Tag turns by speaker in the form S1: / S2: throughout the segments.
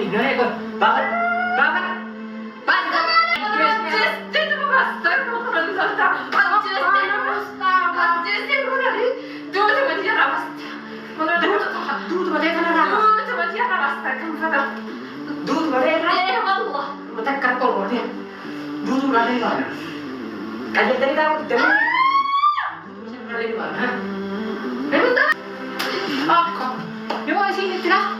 S1: beni göre gör. Bakın, bakın. Bakın. Justin Bastard bunun zaten. Justin
S2: Bastard.
S1: Justin bunları durdurma diye rabastı. Bunları durdurma. Durdurma diye kana rabastı. Durdurma diye rabastı. Kanfada. Durdurma diye rabastı. Eyvallah. Bu tekrar kolma diye. Durdurma diye rabastı. Kayıtları da bu. Durdurma diye rabastı. Ne bu da? Ah, kom. Ne bu işin içine?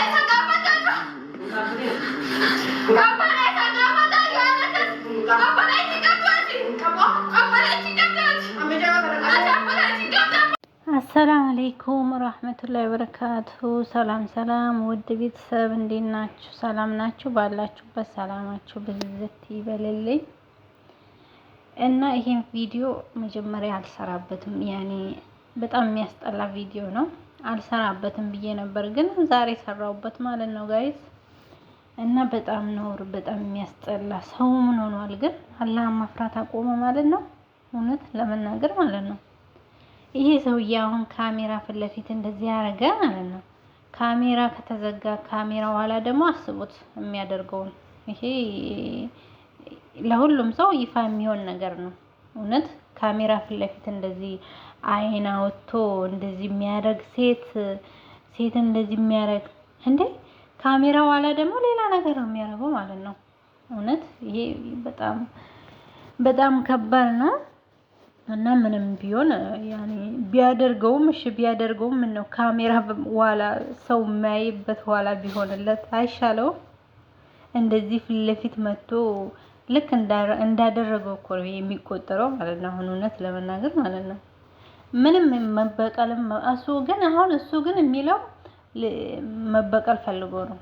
S2: አሰላም አለይኩም ረህመቱላሂ ወበረካቱ። ሰላም ሰላም፣ ውድ ቤተሰብ እንዴት ናችሁ? ሰላም ናችሁ? ባላችሁበት ሰላማችሁ ብዝት ይበልልኝ። እና ይሄን ቪዲዮ መጀመሪያ አልሰራበትም፣ ያኔ በጣም የሚያስጠላ ቪዲዮ ነው፣ አልሰራበትም ብዬ ነበር፣ ግን ዛሬ ሰራሁበት ማለት ነው ጋይዝ። እና በጣም ነውር፣ በጣም የሚያስጠላ ሰው ምን ሆኗል ግን? አላህ መፍራት አቆመ ማለት ነው፣ እውነት ለመናገር ማለት ነው። ይህ ሰውዬ አሁን ካሜራ ፊት ለፊት እንደዚህ ያደረገ ማለት ነው። ካሜራ ከተዘጋ ካሜራ ኋላ ደግሞ አስቡት የሚያደርገውን። ይሄ ለሁሉም ሰው ይፋ የሚሆን ነገር ነው። እውነት ካሜራ ፊት ለፊት እንደዚህ አይን አውጥቶ እንደዚህ የሚያደርግ ሴት ሴት እንደዚህ የሚያደርግ እንዴ! ካሜራ ኋላ ደግሞ ሌላ ነገር ነው የሚያደርገው ማለት ነው። እውነት ይሄ በጣም በጣም ከባድ ነው። እና ምንም ቢሆን ያኔ ቢያደርገውም እሺ ቢያደርገውም ምን ነው ካሜራ ኋላ ሰው የማያይበት ኋላ ቢሆንለት አይሻለውም? እንደዚህ ፊት ለፊት መጥቶ ልክ እንዳደረገው እኮ ነው የሚቆጠረው ማለት ነው። አሁን እውነት ለመናገር ማለት ነው ምንም መበቀልም እሱ ግን አሁን እሱ ግን የሚለው መበቀል ፈልጎ ነው።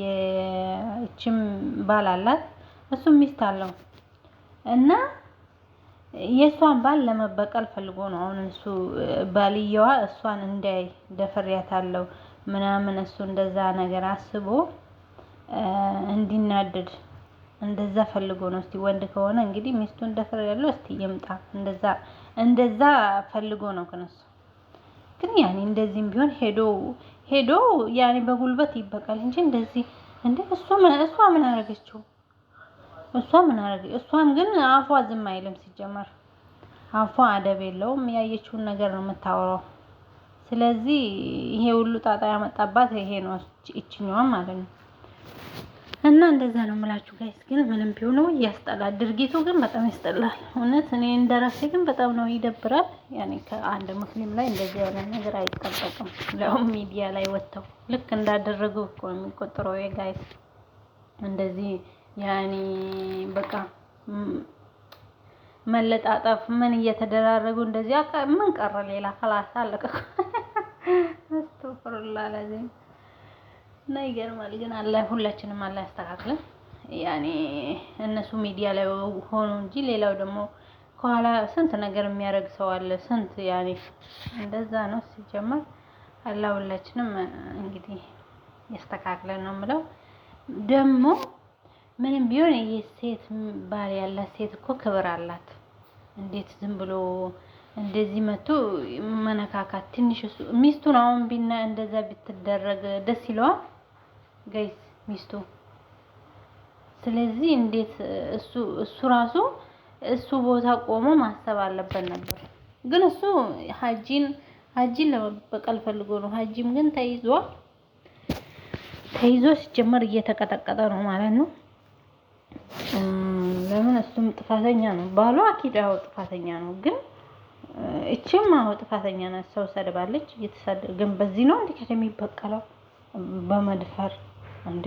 S2: የእችም ባል አላት እሱ ሚስት አለው እና የእሷን ባል ለመበቀል ፈልጎ ነው። አሁን እሱ ባልየዋ እሷን እንዳይ ደፈሪያታለሁ ምናምን እሱ እንደዛ ነገር አስቦ እንዲናደድ እንደዛ ፈልጎ ነው። እስቲ ወንድ ከሆነ እንግዲህ ሚስቱ እንደፈረደለው እስቲ ይምጣ። እንደዛ እንደዛ ፈልጎ ነው ከነሱ ግን ያኔ እንደዚህም ቢሆን ሄዶ ሄዶ ያኔ በጉልበት ይበቃል እንጂ እንደዚህ እንደ እሷ ምን አደረገችው? እሷ ምን አረገ? እሷም ግን አፏ ዝም አይልም። ሲጀመር አፏ አደብ የለውም። ያየችውን ነገር ነው የምታወራው። ስለዚህ ይሄ ሁሉ ጣጣ ያመጣባት ይሄ ነው እችኛዋን ማለት ነው። እና እንደዛ ነው የምላችሁ ጋይስ። ግን ምንም ቢሆን ያስጠላል፣ ድርጊቱ ግን በጣም ያስጠላል። እውነት እኔ እንደራሴ ግን በጣም ነው ይደብራል። ያኔ ከአንድ ሙስሊም ላይ እንደዚህ ያለ ነገር አይጠበቅም። ለውም ሚዲያ ላይ ወጥተው ልክ እንዳደረገው እኮ የሚቆጠረው የጋይስ እንደዚህ ያኔ በቃ መለጣጠፍ ምን እየተደራረጉ እንደዚያ ምን ቀረ ሌላ ከላሳ አለቀ። አስተፍሩላ ለዚህ እና ይገርማል። ግን አላህ ሁላችንም አላህ ያስተካክለን። ያኔ እነሱ ሚዲያ ላይ ሆኑ እንጂ ሌላው ደግሞ ከኋላ ስንት ነገር የሚያደርግ ሰው አለ። ስንት ያኔ እንደዛ ነው ሲጀመር። አላህ ሁላችንም እንግዲህ ያስተካክለን ነው የምለው ደግሞ ምንም ቢሆን ይህ ሴት ባል ያላት ሴት እኮ ክብር አላት። እንዴት ዝም ብሎ እንደዚህ መቶ መነካካት ትንሽ እሱ ሚስቱን አሁን ቢና እንደዛ ቢትደረግ ደስ ይለዋል ገይስ ሚስቱ። ስለዚህ እንዴት እሱ እሱ ራሱ እሱ ቦታ ቆሞ ማሰብ አለበት ነበር። ግን እሱ ሀጂን ሀጂን ለመበቀል ፈልጎ ነው። ሀጂም ግን ተይዟል። ተይዞ ሲጀመር እየተቀጠቀጠ ነው ማለት ነው። ለምን እሱም ጥፋተኛ ነው፣ ባሏ አኪዳው ጥፋተኛ ነው። ግን እችም አሁን ጥፋተኛ ናት፣ ሰው ሰድባለች። እየተሰደ ግን በዚህ ነው እንዴ የሚበቀለው? በመድፈር እንዴ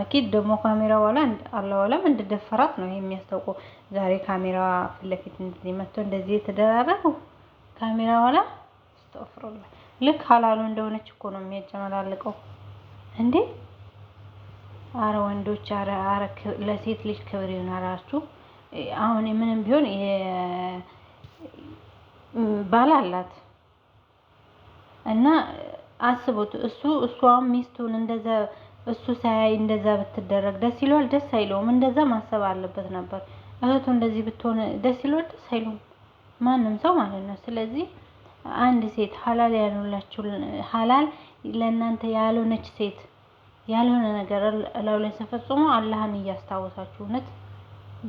S2: አኪድ ደግሞ ካሜራ ዋላ አላዋላም እንደደፈራት ነው የሚያስታውቀው። ዛሬ ካሜራ ፊት ለፊት እንደዚህ መጥቶ እንደዚህ የተደራረጉ ካሜራ ዋላ አስተፍሮላ ልክ ሀላሉ እንደሆነች እኮ ነው የሚያጨመላልቀው እንዴ አረ ወንዶች አረ አረ ለሴት ልጅ ክብር ይኖራችሁ። አሁን ምንም ቢሆን ባል አላት እና አስቡት። እሱ እሷም ሚስቱን እንደዛ እሱ ሳያይ እንደዛ ብትደረግ ደስ ይለዋል? ደስ አይለውም? እንደዛ ማሰብ አለበት ነበር። እህቱ እንደዚህ ብትሆን ደስ ይለዋል? ደስ አይለውም? ማንም ሰው ማለት ነው። ስለዚህ አንድ ሴት ሐላል ያልሆነችው ሐላል ለእናንተ ያልሆነች ሴት ያልሆነ ነገር እላው ላይ ተፈጽሞ አላህን እያስታወሳችሁ እውነት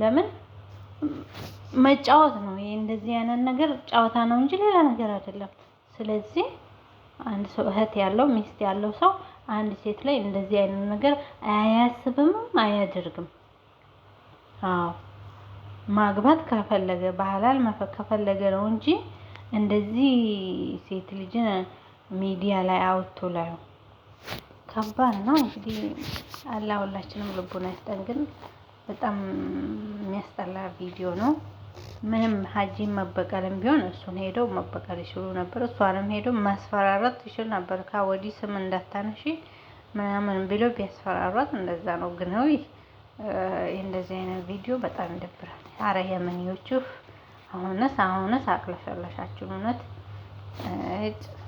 S2: ለምን መጫወት ነው። ይሄ እንደዚህ አይነት ነገር ጨዋታ ነው እንጂ ሌላ ነገር አይደለም። ስለዚህ አንድ ሰው እህት ያለው ሚስት ያለው ሰው አንድ ሴት ላይ እንደዚህ አይነት ነገር አያስብም አያደርግም። አዎ ማግባት ከፈለገ ባህላል ከፈለገ ነው እንጂ እንደዚህ ሴት ልጅን ሚዲያ ላይ አውጥቶ ላይ ከባድ ነው እንግዲህ አላ ሁላችንም ልቡን አይስጠን። ግን በጣም የሚያስጠላ ቪዲዮ ነው። ምንም ሀጂን መበቀልም ቢሆን እሱን ሄደው መበቀል ይችሉ ነበር። እሷንም ሄደው ማስፈራራት ይችል ነበር። ከወዲህ ስም እንዳታነሺ ምናምን ብሎ ቢያስፈራሯት እንደዛ ነው። ግን ይህ እንደዚህ አይነት ቪዲዮ በጣም ይደብራል። አረ የመንዮቹ አሁንስ አሁንስ አቅለሸለሻችሁን እውነት